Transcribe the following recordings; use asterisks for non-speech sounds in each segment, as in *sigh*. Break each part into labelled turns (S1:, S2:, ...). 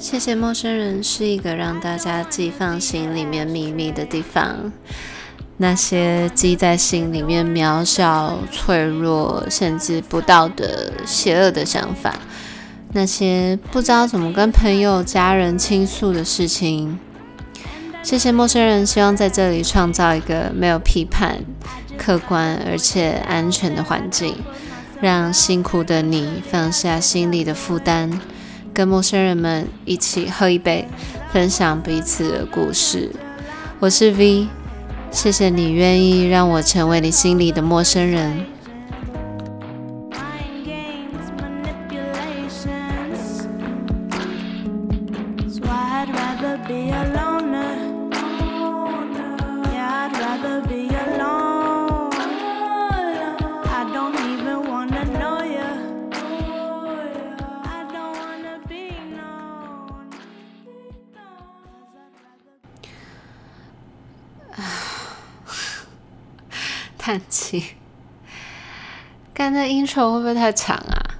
S1: 謝謝陌生人是一個讓大家寄放心裡面秘密的地方，那些積在心裡面渺小、脆弱，甚至不道德的邪惡的想法，那些不知道怎麼跟朋友、家人傾訴的事情。謝謝陌生人，希望在這裡創造一個沒有批判、客觀而且安全的環境，讓辛苦的你放下心裡的負擔。跟陌生人們一起喝一杯，分享彼此的故事。我是 V，謝謝你願意讓我成為你心裡的陌生人。感情，看 *music* 那 intro 會不會太長啊？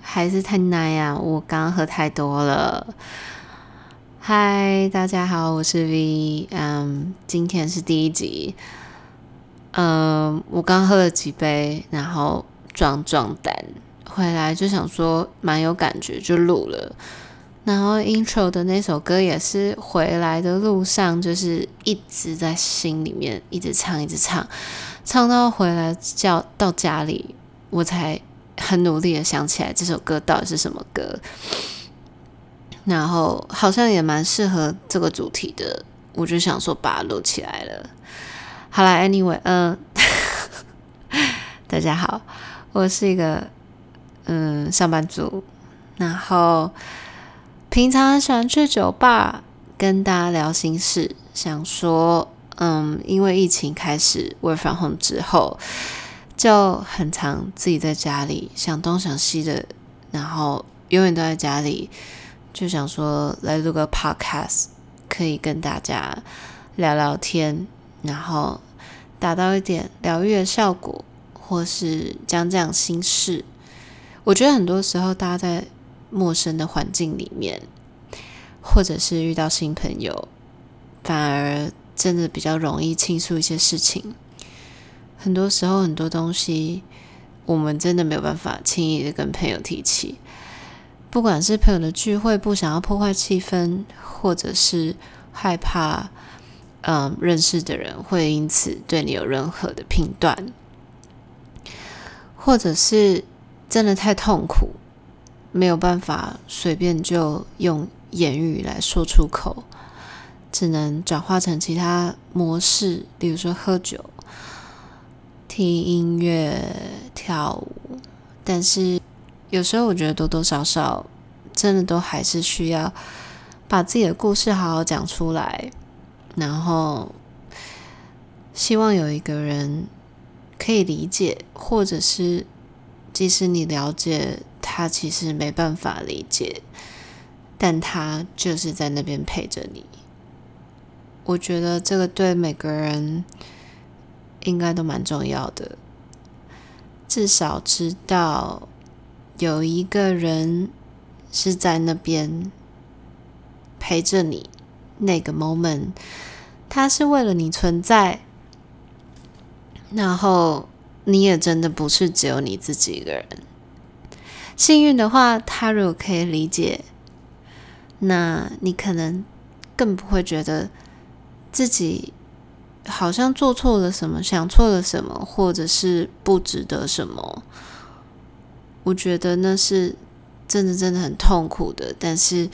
S1: 還是太難呀、啊？我剛喝太多了。嗨，大家好，我是 V 嗯、um,，今天是第一集。嗯、um,，我剛喝了幾杯，然後壯壯膽回來，就想說蠻有感覺，就錄了。然後 intro 的那首歌也是回來的路上，就是一直在心裡面一直唱，一直唱，唱到回來叫到家裡，我才很努力的想起來這首歌到底是什麼歌。然後好像也蠻適合這個主題的，我就想說把它錄起來了。好啦，anyway，嗯， *laughs* 大家好，我是一個嗯上班族，然後。平常很喜歡去酒吧跟大家聊心事，想說，嗯，因為疫情開始 work from home 之後，就很常自己在家裡想東想西的，然後永遠都在家裡，就想說來錄個 podcast，可以跟大家聊聊天，然後達到一點療癒的效果，或是講講心事。我覺得很多時候大家在陌生的環境裡面，或者是遇到新朋友，反而真的比較容易傾訴一些事情。很多時候，很多東西我們真的沒有辦法輕易的跟朋友提起。不管是朋友的聚會，不想要破壞氣氛，或者是害怕，嗯、呃，認識的人會因此對你有任何的評斷，或者是真的太痛苦。沒有辦法隨便就用言語來說出口，只能轉化成其他模式，例如說喝酒、聽音樂、跳舞。但是有時候我覺得多多少少真的都還是需要把自己的故事好好講出來，然後希望有一個人可以理解，或者是。即使你了解，他其實沒辦法理解，但他就是在那邊陪着你。我覺得這個對每個人應該都蠻重要的，至少知道有一個人是在那邊陪着你。那個 moment，他是為了你存在，然後。你也真的不是只有你自己一個人。幸運的話，他如果可以理解，那你可能更不會覺得自己好像做錯了什麼，想錯了什麼，或者是不值得什麼。我覺得那是真的真的很痛苦的。但是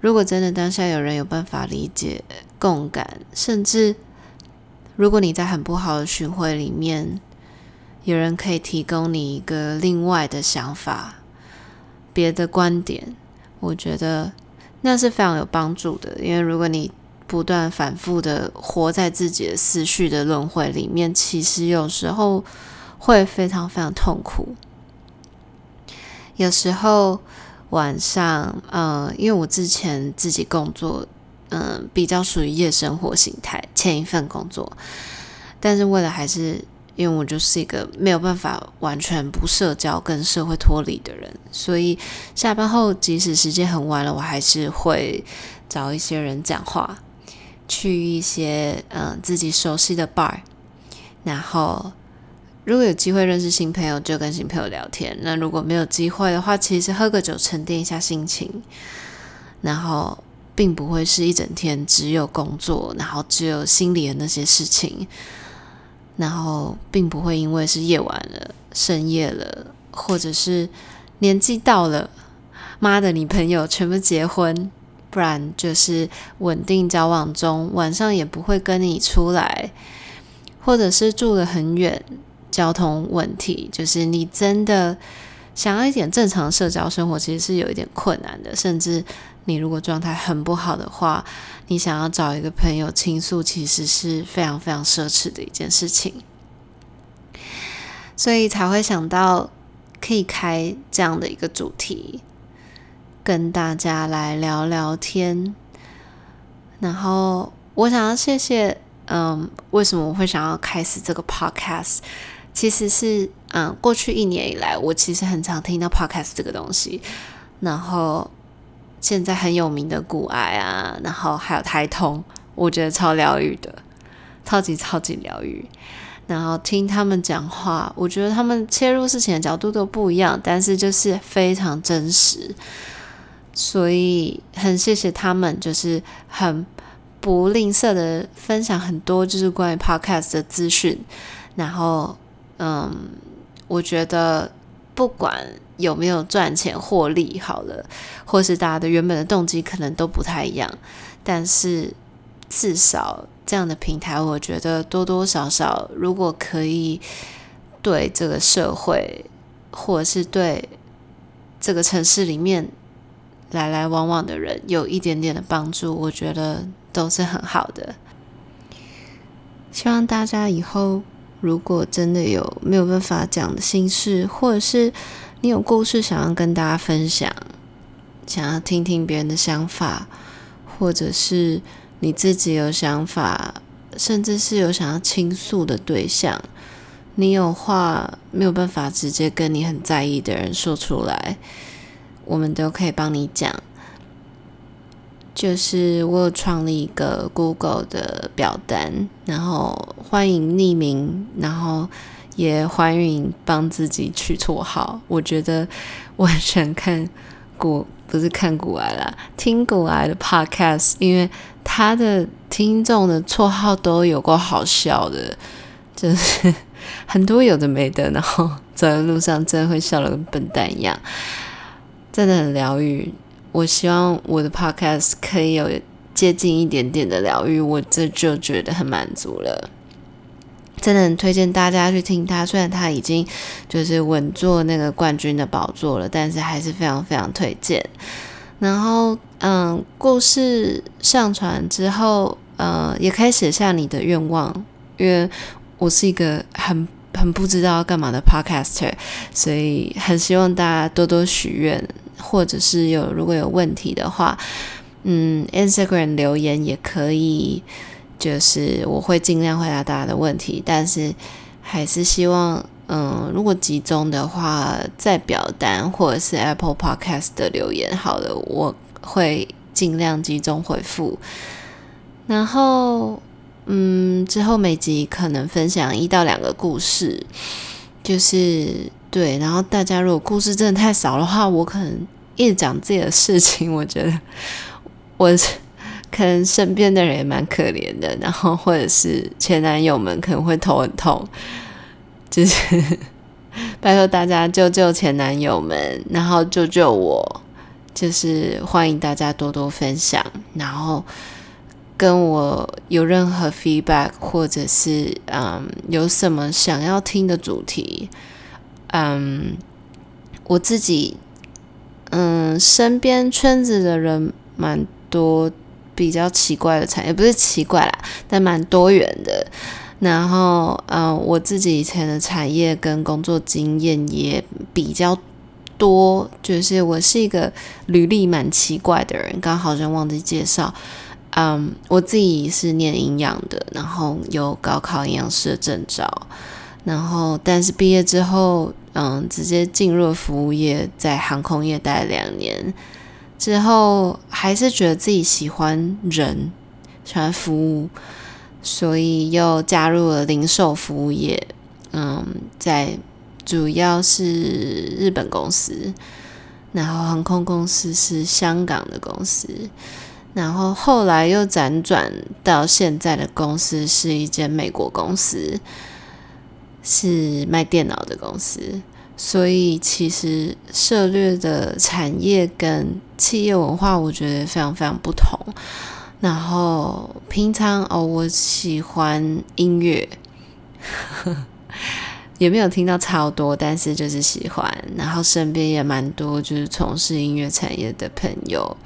S1: 如果真的當下有人有辦法理解、共感，甚至如果你在很不好的循環裡面，有人可以提供你一個另外的想法、別的觀點，我覺得那是非常有幫助的。因為如果你不斷反覆的活在自己的思緒的輪迴裡面，其實有時候會非常非常痛苦。有時候晚上，嗯，因為我之前自己工作，嗯，比較屬於夜生活形態，前一份工作，但是為了還是。因為我就是一個沒有辦法完全不社交，跟社會脫離的人，所以下班後即使時間很晚了，我還是會找一些人講話，去一些嗯、呃、自己熟悉的 bar，然後如果有機會認識新朋友，就跟新朋友聊天。那如果沒有機會的話，其實喝個酒沉澱一下心情，然後並不會是一整天只有工作，然後只有心裡的那些事情。然後並不會因為是夜晚了、深夜了，或者是年紀到了，媽的，你朋友全部結婚，不然就是穩定交往中，晚上也不會跟你出來，或者是住得很遠，交通問題，就是你真的。想要一點正常的社交生活，其實是有一點困難的。甚至你如果狀態很不好的話，你想要找一個朋友傾訴，其實是非常非常奢侈的一件事情。所以才會想到可以開這樣的一個主題，跟大家來聊聊天。然後我想要謝謝，嗯，為什麼我會想要開始這個 podcast？其實是，嗯，過去一年以來，我其實很常聽到 Podcast 這個東西，然後現在很有名的股癌啊，然後還有台通，我覺得超療癒的，超級超級療癒。然後聽他們講話，我覺得他們切入事情的角度都不一樣，但是就是非常真實，所以很謝謝他們，就是很不吝嗇的分享很多就是關於 Podcast 的資訊，然後。嗯，我覺得不管有沒有賺錢獲利好了，或是大家的原本的動機可能都不太一樣，但是至少這樣的平台，我覺得多多少少，如果可以對這個社會，或者是對這個城市裡面來來往往的人有一點點的幫助，我覺得都是很好的。希望大家以後，如果真的有沒有辦法講的心事，或者是你有故事想要跟大家分享，想要聽聽別人的想法，或者是你自己有想法，甚至是有想要傾訴的對象，你有話沒有辦法直接跟你很在意的人說出來，我們都可以幫你講。就是我有創立一個 Google 的表單，然後。歡迎匿名，然後也歡迎幫自己取綽號。我覺得我很想看股癌，不是看股癌啦，聽股癌的 podcast，因為他的聽眾的綽號都有夠好笑的，就是 *laughs* 很多有的沒的，然後走在路上真的會笑得跟笨蛋一樣，真的很療癒。我希望我的 podcast 可以有接近一點點的療癒，我這就覺得很滿足了。真的很推薦大家去聽他，雖然他已經就是穩坐那個冠軍的寶座了，但是還是非常非常推薦。然後，嗯，故事上傳之後，嗯，也可以寫下你的願望，因為我是一個很很不知道幹嘛的 podcaster，所以很希望大家多多許願，或者是有如果有問題的話，嗯，Instagram 留言也可以。就是我會盡量回答大家的問題，但是還是希望，嗯，如果集中的話，在表單或者是 Apple Podcast 的留言好了，我會盡量集中回復。然後，嗯，之後每集可能分享一到兩個故事，就是對。然後大家如果故事真的太少的話，我可能一直講自己的事情。我覺得我是。可能身邊的人也蠻可憐的，然後或者是前男友們可能會頭很痛，就是 *laughs* 拜托大家救救前男友們，然後救救我，就是歡迎大家多多分享，然後跟我有任何 feedback，或者是嗯有什麼想要聽的主題，嗯，我自己嗯身邊圈子的人蠻多，比較奇怪的產業，不是奇怪啦，但蠻多元的。然後，嗯，我自己以前的產業跟工作經驗也比較多，就是我是一個履歷蠻奇怪的人。剛好，我忘記介紹，嗯，我自己是念營養的，然後有高考營養師的證照，然後但是畢業之後，嗯，直接進入服務業，在航空業待兩年。之後還是覺得自己喜歡人，喜歡服務，所以又加入了零售服務業。嗯，在主要是日本公司，然後航空公司是香港的公司，然後後來又輾轉到現在的公司是一間美國公司，是賣電腦的公司。所以其實涉獵的產業跟企業文化，我覺得非常非常不同。然後平常哦，我喜歡音樂，也沒有聽到超多，但是就是喜歡。然後身邊也蠻多就是從事音樂產業的朋友。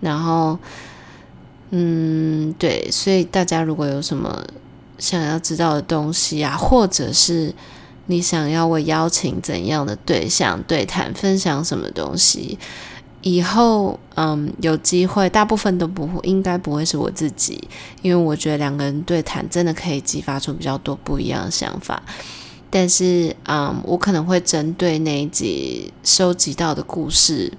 S1: 然後嗯，對，所以大家如果有什麼想要知道的東西啊，或者是。你想要我邀請怎樣的對象對談？分享什麼東西？以後，嗯，有機會，大部分都不會，應該不會是我自己，因為我覺得兩個人對談真的可以激發出比較多不一樣的想法。但是，嗯，我可能會針對那一集收集到的故事，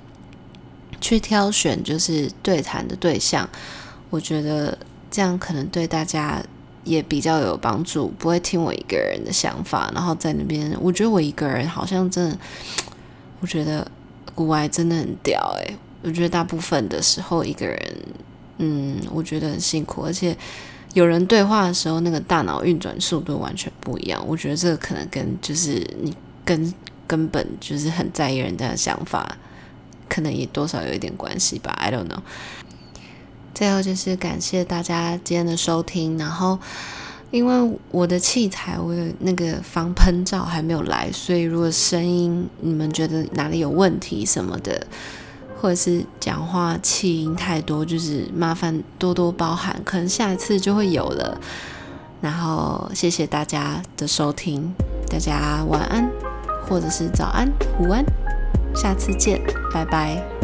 S1: 去挑選就是對談的對象。我覺得這樣可能對大家。也比較有幫助，不會聽我一個人的想法，然後在那邊，我覺得我一個人好像真的，我覺得孤愛真的很屌誒、欸。我覺得大部分的時候一個人，嗯，我覺得很辛苦，而且有人對話的時候，那個大腦運轉速度完全不一樣，我覺得這個可能跟就是你跟根本就是很在意人家的想法，可能也多少有一點關係吧，I don't know。最後就是感謝大家今天的收聽，然後因為我的器材，我的那個防噴罩還沒有來，所以如果聲音你們覺得哪裡有問題什麼的，或者是講話氣音太多，就是麻煩多多包涵，可能下次就會有了。然後謝謝大家的收聽，大家晚安，或者是早安、午安，下次見，拜拜。